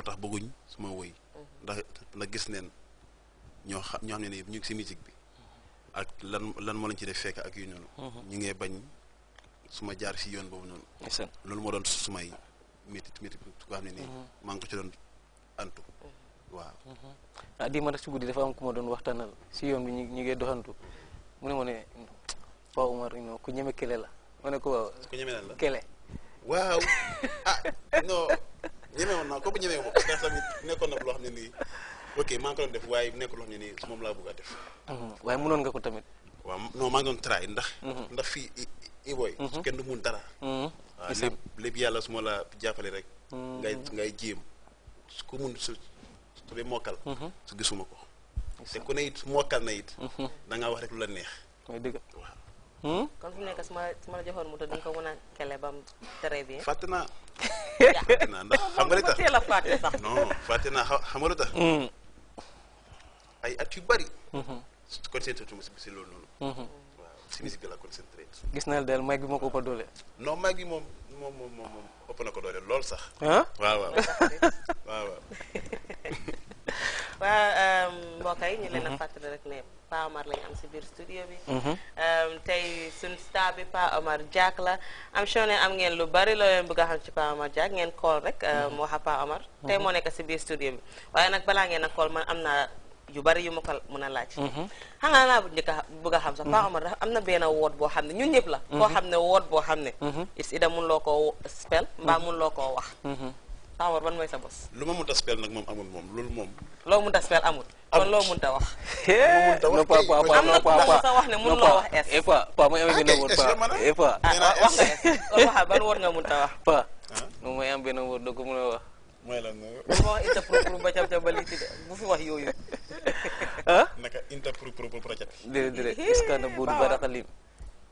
motax bëgguñ suma woy ndax la gis neen ño xam ñoo xam ne ñu ci musique bi ak lan lan mo lañ ci def fekk ak yu noonu mhm. ñu ngi bañ suma jaar ci yoon bobu non loolu mo doon suma metti metti ko xam ne nii mhm. maa ngi ko ci doon antu mhm. waaw ah di ma nag ci guddi dafa am ku ma doon waxtanal ci yoon bi ñi ngi doxantu mu ne mo ne Pa Omar ku ñeme kele la mo ne ko waaw ku ñeme lan la kele waaw ah non naa ko ba ñemee ma ko ndax tamit nekkoon na loo xam ne nii ok maa ngi ko doon def waaye nekkul loo xam ne nii moom laa bëgg a def. Mhm. waaye mënoon nga ko tamit. waaw non maa ngi doon try ndax. Mhm. ndax fii i booy. Mhm. kenn du mun dara. lépp lépp yàlla su ma la jàppale rek. ngay ngay jéem su ko mun su su dee mokkal. su gisuma ko. te ku ne it mokkal na it. da wax rek lu la neex. mooy dëgg waaw. Hmm? kon fu mu nekk su ma su ma la joxoon moto di nga ko mën a kele ba mu très bien. fàtte naa. fàtte naa ndax xam nga li tax teel a fàtte sax. non fàtte naa xam nga lu tax. Hmm. ay at yu bari. Hmm. concentré tu ma si loolu noonu. waaw si musique bi la concentré. gis na del mag bi moo ko ëpp a doole. non mag bi moom moom moom moom ëpp na ko doole lool sax. ah waaw waaw waaw waaw. waa euh, mbokk yi ñu leen a fàttali rek ne. Pa Omar lañ am si biir studio bi. Mhm. tey suñ star bi Pa Omar Jack la am sure ne am ngeen lu bari loo leen bëgg a xam ci Pa Omar Jack ngeen call rek mu wax a Pa Omar. Mhm. tey moo nekk si biir studio bi waaye nag balaa ngeen a call man am naa yu bari yu ma ko mën a laaj. Mhm. xam nga naa njëkk a bëgg a xam sax Pa Omar am na benn woot boo xam ne ñun ñëpp la. koo xam ne woot boo xam ne. is ida mun loo koo spell mbaa mun loo koo wax. Sawar ban moy sa boss luma mu tass pel nak mom amul mom lul mom lo mu tass pel amul. kon lo mu mënta wax. no pa pa pa no pa pa sa wax ne mun lo wax S. eh pa pas ma amee benn wóor pas eh pas. wax es S kon waxal ban wóor nga mënta wax. pa moom mooy am benn wóor do ko mu lo wax. mooy lan mooy. bu ma wax interpropre ba ca cab baliti de bu fi wax yoyu ah. naka interpropre ba cab. déedéet déedéet iskana boodu baraxalim.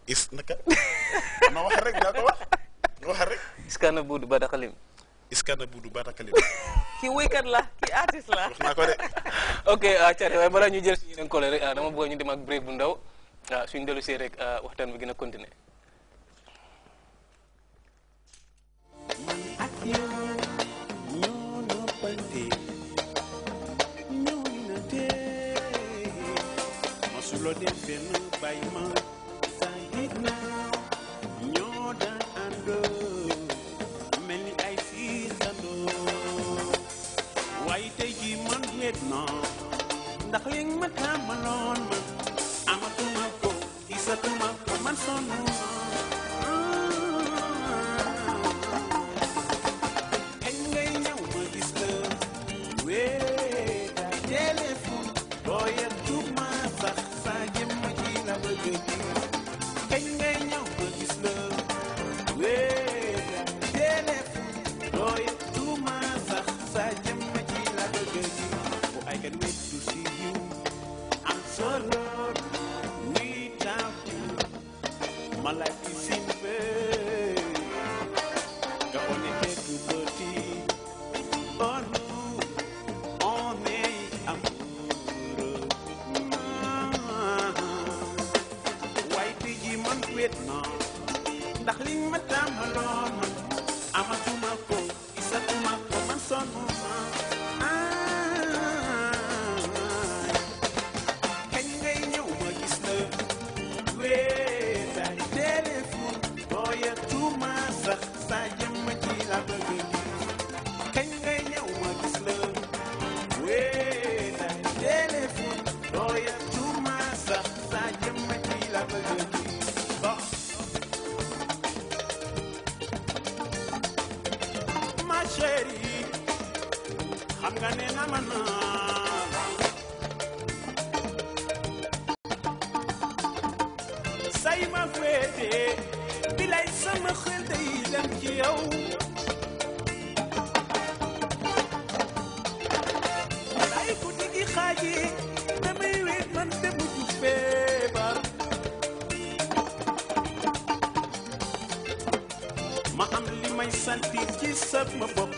is naka. ma wax rek da ko wax. ma wax rek. iskana boodu baraxalim iskana budu bata kalim ki waykat la ki artiste la wax nako de okay a tiare way balaa ñu jël suñu leen collé rek dama bëgg ñu dem ak break bu ndaw suñu delu sé rek waxtan bi gëna a continuer Lo de fenu bay man Knuckling my chéri xam nga ne na ma naa say ma féete bilay sama xel day dem ci yow lay ku digi xaaji damay wéet man te mujj feebar ma am li may sentir ci sama bopp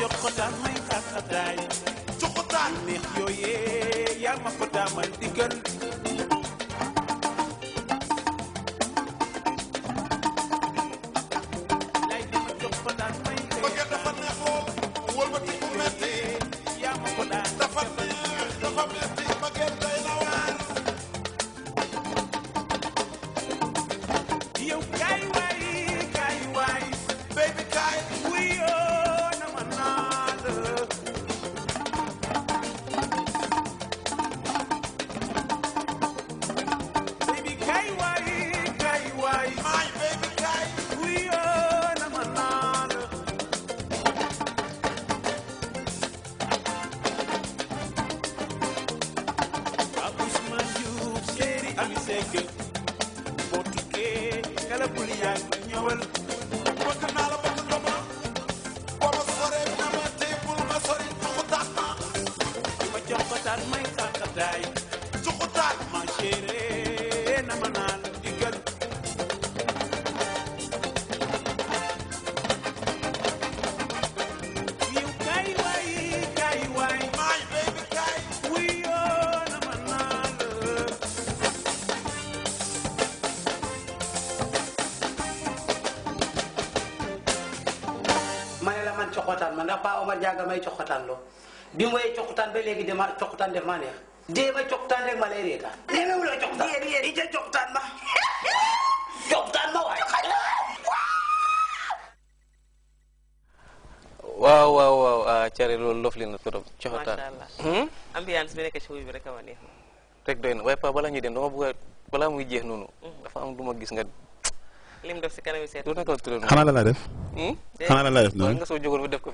joxotaan may tànn daay joxotaan neex yooyee yaa ma ko daamal digal lekk boo tukkee kala bul yaay ñëwal bëgg naa la bëgg nga ma boo ma soree na ma tey bul ma sori tuxu tax ma ma jox ko daal may tàqataay ma ndax pa Omar jaga may coxataan lo bi may coxataan ba legi dama coxataan def maa neex de ma coxataan ah, hmm? rek ma lay reetaan. nee na wula coxataan yéen yéen ite coxataan ma. coxataan ma waay. waaw waaw waaw Thierry loolu loof leen la trop coxataan. macha ambiance bi nek ci wuy bi rek ma neex. rek doyna way pa bala ñuy dem dama bëgg bala muy jeex nonu dafa hmm. am duma gis nga. lim def ci kanam yi seet. xanaa la la def. hmm xana la la def noonu. nga soo jógoon def ko